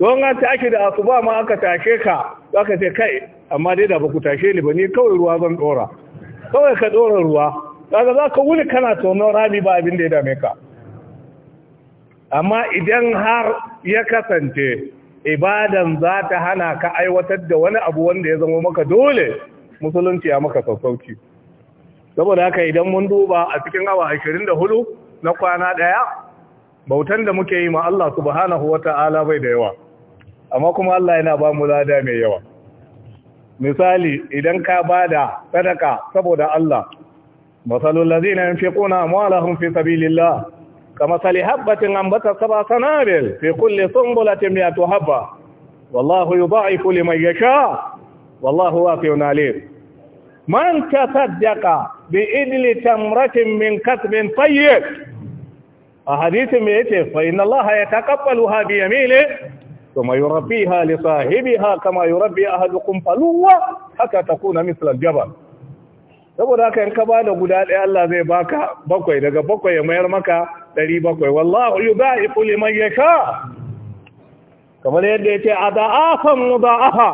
don an tashi da asuba ma aka tashe ka aka ce kai amma dai da ba ku tashe ni ba ni kawai ruwa zan dora kawai ka dora ruwa kaga za ka wuni kana tonon rami ba abin da ya dame ka amma idan har ya kasance ibadan za ta hana ka aiwatar da wani abu wanda ya zama maka dole musulunci ya maka sassauci saboda haka idan mun duba a cikin awa ashirin da 24 na kwana daya bautan da muke yi ma Allah subhanahu wata'ala bai da yawa amma kuma Allah yana ba mu lada mai yawa misali idan ka bada sadaka saboda Allah masalul ladina yunfiquna amwalahum fi sabilillah kama sali habatin ambata sab'a sanabil fi kulli sunbulatin mi'atu haba wallahu yudha'ifu liman yasha wallahu wasi'un alim man tasaddaqa bi idli tamratin min kasbin tayyib ahadith hadisin yace fa inna allaha yataqabbalu bi yaminihi ثم يربيها لصاحبها كما يربي أحدكم فلوة حتى تكون مثل الجبل saboda haka in ka da guda ɗaya Allah zai baka bakwai daga bakwai ya mayar maka ɗari bakwai wallahu yudaiqu liman yasha kamar yadda yace ada'afan mudaafa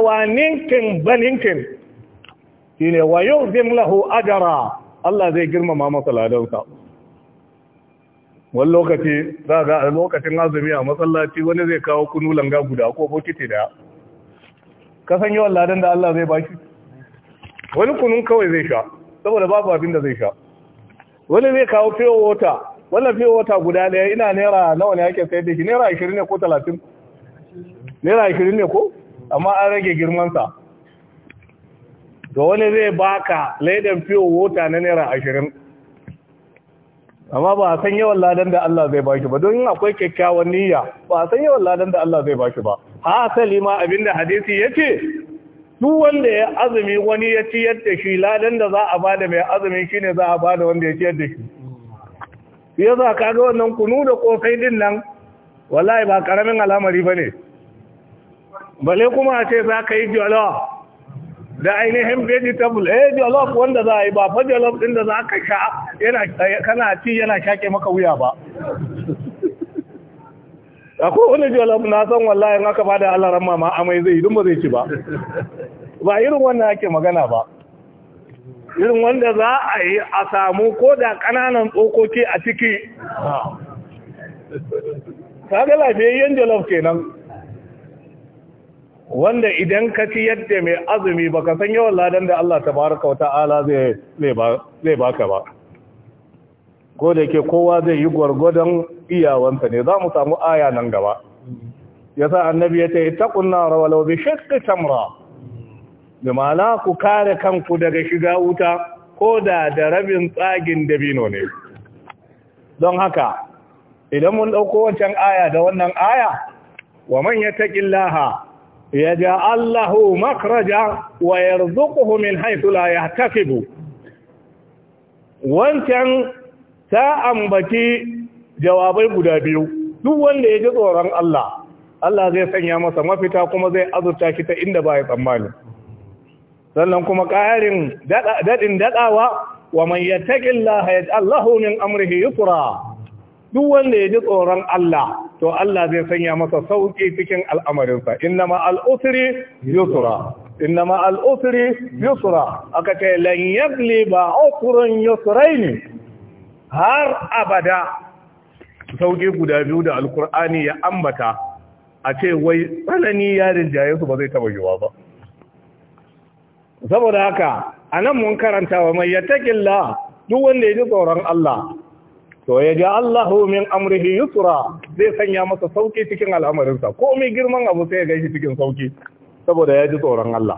wa ninkin baninkin shine wa yuzim lahu ajara Allah zai girmama masa ladansa wani lokaci za ga a lokacin azumi a masallaci wani zai kawo kunu langa guda ko bokiti Ka kasan yawan ladan da Allah zai baki wani kunun kawai zai sha saboda babu abin da zai sha wani zai kawo fiye wata wannan fiye wata guda daya ina naira nawa ne ake sayar da shi naira ashirin ne ko talatin naira ashirin ne ko amma an rage girmansa da wani zai baka laidan fiye wata na naira ashirin amma ba a san yawan ladan da Allah zai baki ba don akwai kyakkyawan niyya ba a san yawan ladan da Allah zai baki ba ha asali ma abinda hadisi ya ce. duk wanda ya azumi wani ya ciyar da shi ladan da za a bada mai azumin shine za a bada wanda ya ciyar da shi ya za ka ga wannan kunu da kofai din nan wallahi ba karamin al'amari ba ne. bale kuma a ce za ka yi jalawa da ainihin vegetable eh jollof wanda za a yi ba fa jollof din da za ka sha yana kana ci yana shaƙe maka wuya ba akwai wani jollof na san wallahi in aka ba da ran mama amai zai idan ba zai ci ba ba irin wannan ake magana ba irin wanda za a yi a samu ko da kananan tsokoki a ciki ga lafiyayyen jollof kenan wanda idan ka ci yadda mai azumi ba ka san yawan ladan da Allah ta tabaraka wata'ala zai zai baka ba ko da ke kowa zai yi gwargwadon iyawansa ne za mu samu aya nan gaba Ya sa annabi ya ta yi nar walau bai shakka tamra da ma'ana ku kare kanku daga shiga wuta ko da da rabin tsagin dabino ne don haka idan mun ɗauko wancan aya da wannan aya wa manya ƙin Laha. يجعل له مخرجا ويرزقه من حيث لا يحتسب wancan ta ambaci jawabai guda biyu duk wanda ya ji tsoron Allah Allah zai sanya masa mafita kuma zai azurta shi ta inda ba ya tsammani sannan kuma ƙarin daɗin daɗawa wa man yattaqillaha yaj'al lahu min amrihi yusra duk wanda ya ji tsoron Allah to Allah zai sanya masa sauki cikin al'amarinsa innama al'usri yusra innama al'usri yusra aka ce lan yabli ba usrun yusraini har abada sauki guda biyu da alkur'ani ya ambata a ce wai tsanani yarin jaye su ba zai taba yiwa ba saboda haka a nan mun karanta wa mai yattakin duk wanda ya ji tsoron Allah to ya ji Allahu min amrihi yusra zai sanya masa sauki cikin al'amarinsa komai girman abu sai ya gaishe cikin sauki saboda ya ji tsoron Allah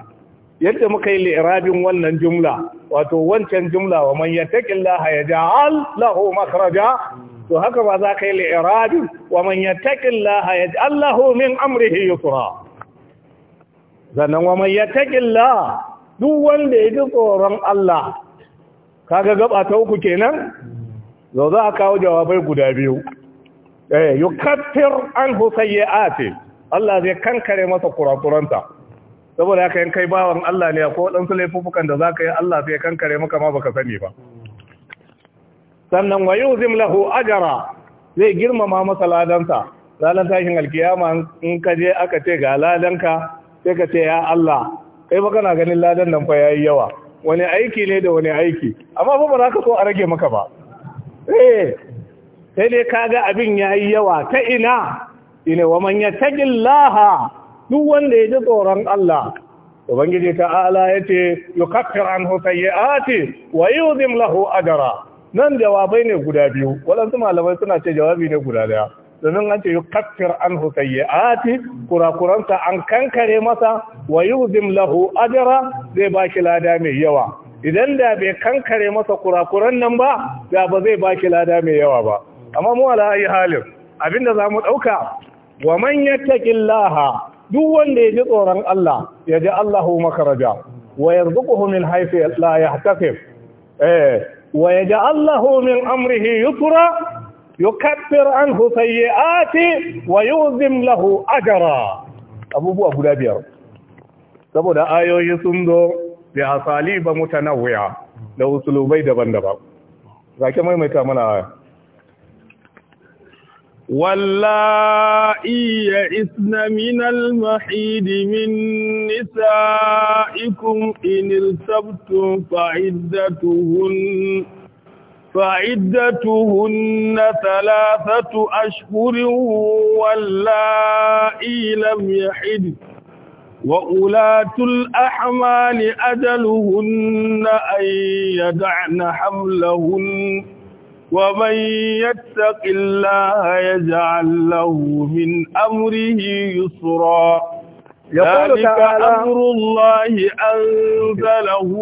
yadda muka yi li'irabin wannan jumla wato wancan jumla wa man yattaqillaha yaj'al lahu makhraja to haka ba za ka yi li'irabin wa man yattaqillaha yaj'al lahu min amrihi yusra sannan wa man yattaqillaha duk wanda ya ji tsoron Allah kaga gaba ta uku kenan zo za a kawo jawabai guda biyu eh yukaffir an husayyi'ati Allah zai kankare masa kurakuranta saboda haka in kai bawan Allah ne ko wadansu laifukan da zaka yi Allah zai kankare maka ma baka sani ba sannan wa zim lahu ajra zai girmama masa ladansa ranar tashin alkiyama in ka je aka ce ga ladanka sai ka ce ya Allah kai ba kana ganin ladan nan fa yayi yawa wani aiki ne da wani aiki amma ba ba za ka so a rage maka ba eh sai dai kaga abin ya yi yawa ta ina ina wa man gillaha, duk wanda ya ji tsoron Allah ubangiji ta'ala yace yukaffir anhu sayyi'ati wa yuzim lahu ajra nan jawabai ne guda biyu waɗansu malamai suna ce jawabi ne guda daya domin an ce yukaffir anhu kura kurakuransa an kankare masa wa yuzim lahu ajra zai ba shi lada mai yawa idan da bai kankare masa kurakuran nan ba da ba zai baki lada mai yawa ba amma mu ala ayi halin abinda zamu dauka wa man yattaqillaha duk wanda ya ji tsoron Allah ya ji Allahu makaraja wa yarzuquhu min haythu la yahtasib eh wa yaj'alahu min amrihi yusra yukaffir anhu sayyi'ati wa yu'zim lahu ajra abubuwa guda biyar saboda ayoyi sun zo da asali ba mutan wuya da usulubai daban-daban. Zake maimaita mana Walla'i ya isna minal mahidi min nisa’ikun inil sabtun fa’idatuhun na talatatu ashirin wallahi lam ya hidi. وأولاة الأحمال أجلهن أن يدعن حملهن ومن يتق الله يجعل له من أمره يسرا ذلك أمر الله أنزله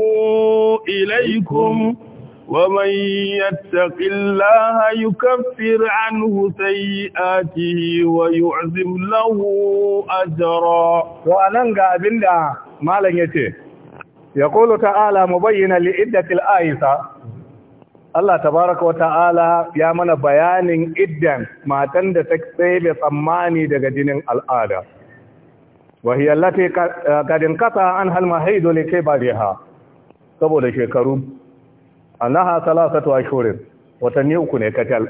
إليكم ومن يتق الله يكفر عنه سيئاته ويعظم له أجرا وأنا قابل ما لن يتي يقول تعالى مبينا لإدة الآيسة Allah tabaraka wa ta'ala ya mana bayanin iddan matan da ta tsaye tsammani daga jinin al'ada. Wahiyallate gadin kasa an halma haidu ne kai bariha, saboda shekaru annaha salasatu ashhurin watanni uku ne katal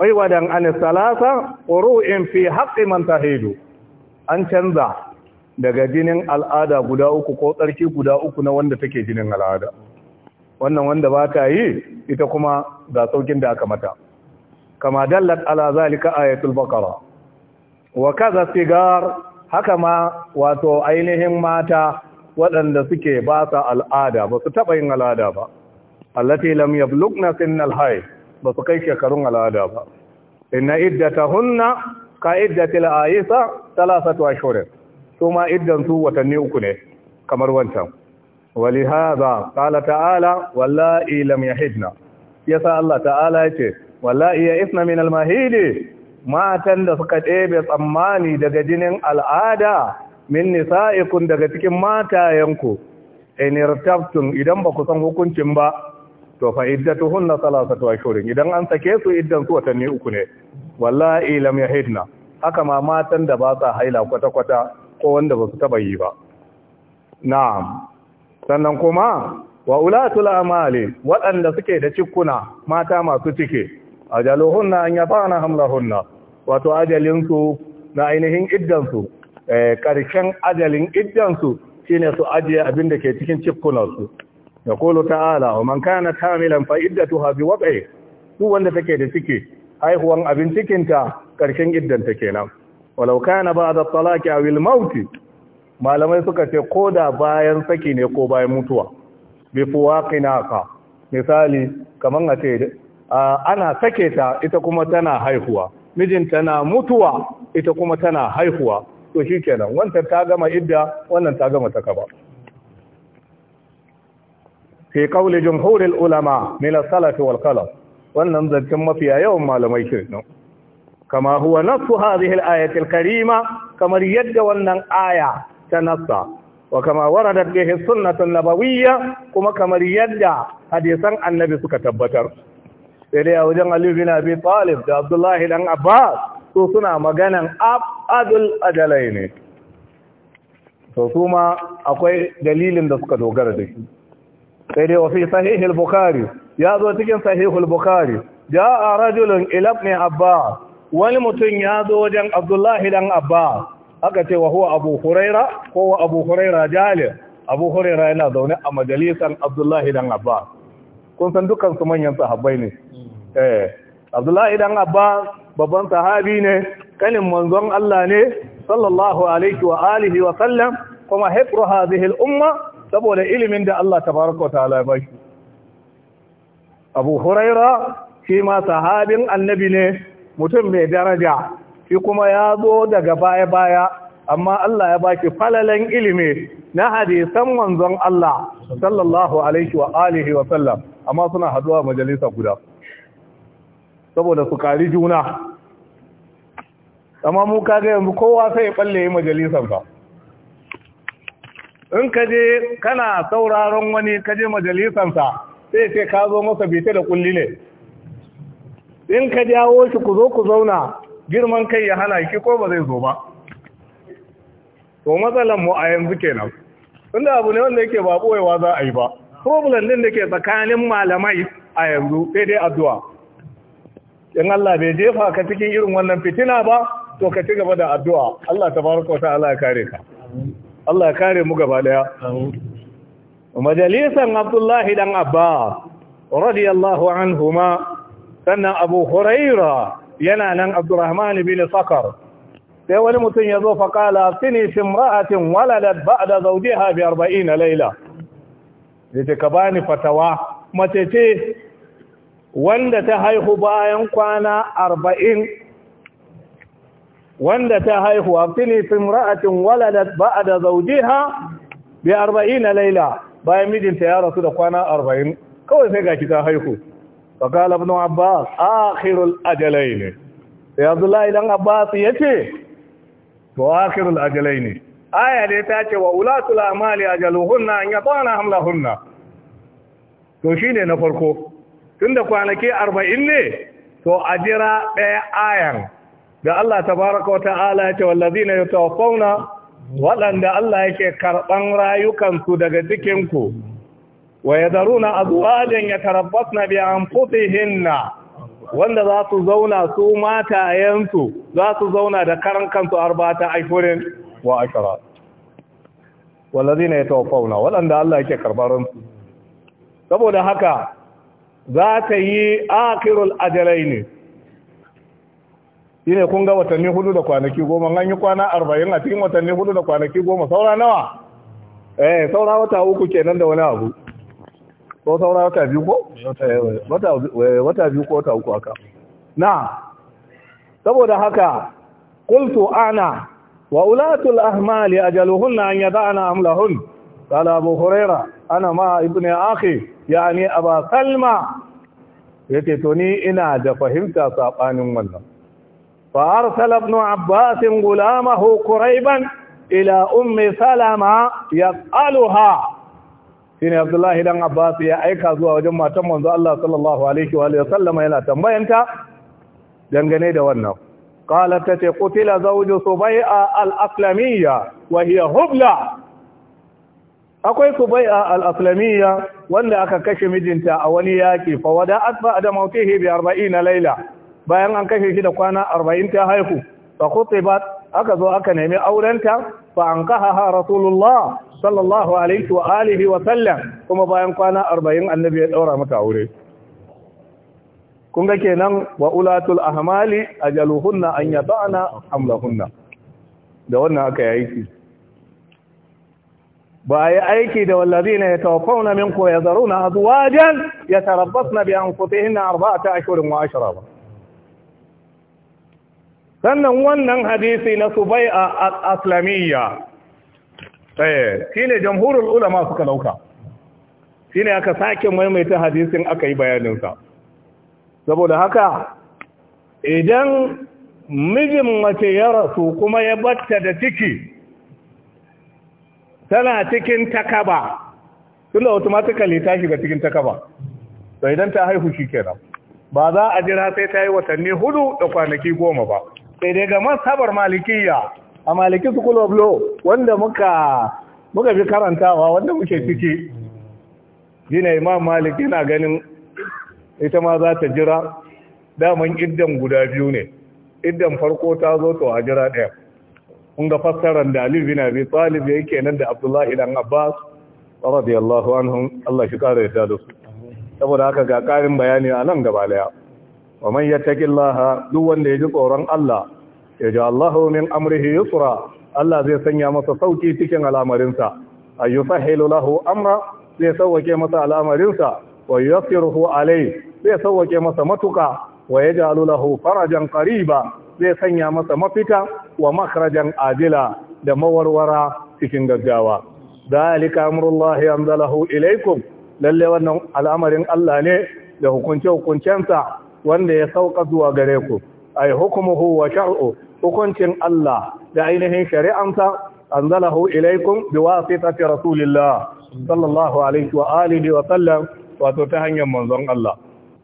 Aiwa wadan an salasa in fi haqqi man tahidu an canza daga jinin al'ada guda uku ko tsarki guda uku na wanda take jinin al'ada wannan wanda ba ta yi ita kuma ga saukin da aka mata kama dallat ala zalika ayatul baqara wa kaza sigar haka ma wato ainihin mata waɗanda suke ba sa al'ada ba su taɓa yin al'ada ba allati lam yablughna sinnal hayy ba su kai shekarun al'ada ba inna iddatahunna ka iddatil aisa thalathatu ashhur kuma iddan su watanni uku ne kamar wancan ولهذا قال تعالى واللائي لم Allah ta'ala الله تعالى ya واللائي يئسن al المهيد matan da suka ɗebe tsammani daga jinin al'ada min nisa'ikun daga cikin matayenku in irtabtum idan ba ku san hukuncin ba to fa iddatuhunna salasatu ashhurin idan an sake su iddan su watanni uku ne wallahi lam yahidna haka ma matan da ba sa haila kwata kwata ko wanda ba su taba yi ba na'am sannan kuma wa ulatul amali waɗanda suke da cikkuna mata masu cike ajaluhunna an yafana hamlahunna wato ajalin su na ainihin iddan su karshen eh, ajalin iddan su shine su ajiye abin da ke cikin cikunansu yaqulu ta'ala wa man na hamilan fa iddatuha duk wanda take da ciki haihuwan abin cikinta karshen iddanta kenan walau kana ba'da talaqi aw al-maut malamai suka ce da bayan saki ne ko bayan mutuwa bi fuwaqinaka misali kaman a ce ana sake ta ita kuma tana haihuwa mijin tana mutuwa ita kuma tana haihuwa to kenan, wannan ta gama idda wannan ta gama takaba fi qawli jumhuril ulama min as-salaf wal wannan zancen mafiya yawan malamai kenan kama huwa nasu hadhihi al-ayati al-karima kamar yadda wannan aya ta nassa wa kama waradat bihi sunnatu nabawiyya kuma kamar yadda hadisan annabi suka tabbatar sai dai wajen Ali bin Abi Talib da Abdullahi dan Abbas su suna maganan abadul adalai ne to kuma akwai dalilin da suka dogara da shi sai dai wafi sahihul bukhari ya zo cikin sahihul bukhari jaa rajulun ilab ne abba wani mutum ya zo wajen abdullahi dan abba aka ce wa abu huraira ko abu huraira jali abu huraira yana zaune a majalisar abdullahi dan abba kun san dukkan su manyan sahabbai ne eh abdullahi dan abba babban sahabi ne kanin manzon Allah ne sallallahu alaihi wa alihi wa sallam kuma hibru hadhihi al-umma saboda ilimin da Allah ta ta'ala ya Abu Huraira shi ma sahabin annabi ne mutum mai daraja shi kuma ya zo daga baya-baya amma Allah ya baki falalen ilimi na hadisan manzon Allah sallallahu alaihi wa alihi wa sallam amma suna haduwa majalisa guda saboda su kari juna amma mu kaga yanzu kowa sai ya balle majalisar ba in ka je kana sauraron wani ka je majalisansa sai ce ka zo masa bita da kulli ne in ka jawo shi ku zo ku zauna girman kai ya hana ki ko ba zai zo ba to matsalan mu a yanzu kenan Inda abu ne wanda yake ba boyewa za a yi ba problem din da ke tsakanin malamai a yanzu sai dai addu'a in Allah bai jefa ka cikin irin wannan fitina ba to ka ci gaba da addu'a Allah tabaraka wa ta'ala ya kare ka Allah ya kare mu gaba daya majalisan abdullahi dan abba radiyallahu anhuma sannan abu huraira yana nan abdurrahman bin sakar sai wani mutum ya zo faƙala sini shimra'atin waladat ba'da zawjiha bi 40 laila yace ka bani fatawa mace ce wanda ta haihu bayan kwana arba'in wanda ta haihu a filifin ra'atin waladat ba'da zawjiha bi 40 laila bayan mijinta ya rasu da kwana 40 kawai sai gaki ta haihu fa qala ibn abbas akhirul ajalain sai abdullahi dan abbas yace to akhirul ne. aya dai ta ce wa ulatul amali ajaluhunna an yatana hamlahunna to shine na farko tunda kwanaki 40 ne to ajira ɗaya ayan da Allah tabaraka wata'ala ya ce wallazina fauna. waɗanda Allah yake karɓan rayukansu daga cikinku wa yadaruna azwajan yatarabbasna bi anfusihinna wanda za su zauna su mata yansu. za su zauna da karan kansu arbata aifurin wa ashara wallazina fauna. waɗanda Allah yake karɓan saboda haka za ta yi ajalai ne. shi ne kun ga watanni hudu da kwanaki goma an yi kwana arba'in a cikin watanni hudu da kwanaki goma saura nawa eh saura wata uku kenan da wani abu ko saura wata biyu ko wata eh, eh, biyu ko wata uku haka na saboda haka kultu ana wa ulatul ahmali ajaluhunna an ana amlahun kala abu huraira ana ma ibnu akhi yani aba salma yake to ni ina da fahimta sabanin wannan فأرسل ابن عباس غلامه قريبا إلى أم سلمة يسألها shine Abdullahi dan Abbas ya aika zuwa wajen matan manzo Allah sallallahu alaihi wa alihi sallama yana tambayanta dangane da wannan qalat ta qutila zawju subai'a al-aslamiyya wa hiya hubla akwai subai'a al-aslamiyya wanda aka kashe mijinta a wani yaki fa wada'at ba'da mautihi bi na layla bayan an kashe shi da kwana arba'in ta haihu fa khutibat aka zo aka nemi aurenta fa ankahaha rasulullah sallallahu alaihi wa alihi wa sallam kuma bayan kwana arba'in annabi ya daura mata aure kun ga kenan wa ulatul ahmali ajaluhunna an yata'ana hamlahunna da wannan aka yi aiki ba ya aiki da wallazina ya tawafauna minku ya zaruna azwajan ya tarabbasna bi anfusihinna arba'ata ashhurin wa ashra sannan wannan hadisi na subai a aslamiyya eh, shi ne jamhurin ulama suka dauka ne aka sake maimaita hadisin aka yi bayanin saboda haka idan mijin mace ya rasu kuma ya batta da ciki tana cikin takaba da automatically ta shiga cikin takaba to idan ta haihu shi kenan. ba za a jira sai ta yi watanni hudu da kwanaki goma ba sai dai ga masabar malikiya a maliki school of law wanda muka muka fi karantawa wanda muke ciki jina imam maliki na ganin ita ma za ta jira daman idan guda biyu ne Idon farko ta zo to a jira ɗaya kun ga fassarar da yana bi Abi ya yake nan da Abdullahi dan Abbas radiyallahu anhum Allah shi kare da su saboda haka ga karin bayani a nan gaba daya wa man yattaqillaha duk wanda ya ji tsoron Allah ya ji Allahu min amrihi yusra Allah zai sanya masa sauki cikin al'amarinsa ayyusahilu lahu amra zai sauwake masa al'amarinsa wa yassiruhu alai zai sauwake masa matuka wa yaj'alu lahu farajan qariba zai sanya masa mafita wa makhrajan azila da mawarwara cikin gaggawa dalika amrullahi anzalahu ilaikum lalle wannan al'amarin Allah ne da hukunce hukuncensa wanda ya sauka zuwa gare ku ay hukmuhu wa shar'u hukuncin Allah da ainihin shari'ansa anzalahu ilaykum biwasitati rasulillah sallallahu alaihi wa alihi wa sallam wato ta hanyar manzon Allah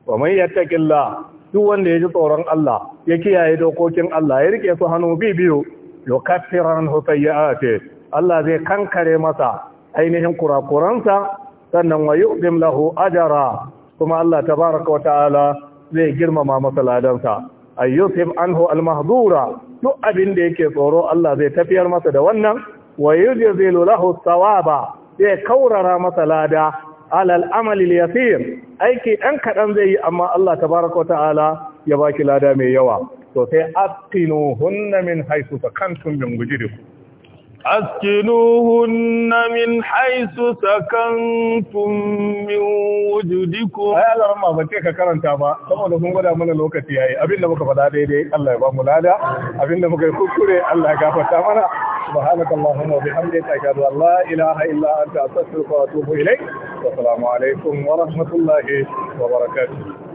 wa man yattaqillah duk wanda ya ji tsoron Allah ya kiyaye dokokin Allah ya rike su hannu bibiyu yukaffiru anhu sayyi'ati Allah zai kankare masa ainihin kurakuransa sannan wa yu'dim lahu ajra kuma Allah tabaaraka wa ta'ala zai girmama masa ladansa A Yusuf anhu al duk abin da yake tsoro Allah zai tafiyar masa da wannan wa yujzilu lahu thawaba zai kaurara masa lada alal amali al-yasir aiki dan kadan zai yi amma Allah tabaaraka ta'ala ya baki lada mai yawa to sai aqinuhunna min haythu sakantum min wujdikum أسكنوهن من حيث سكنتم من وجدكم أي الله رمى بتيك كرن تابا ثم لكم قد أمنا لوك تياي أبين لبك فدا دي دي الله يبا ملادا أبين لبك كوكوري الله يقاف تامنا سبحانك اللهم وبحمدك أشهد أن لا إله إلا أنت أستغفرك وأتوب إليك والسلام عليكم ورحمة الله وبركاته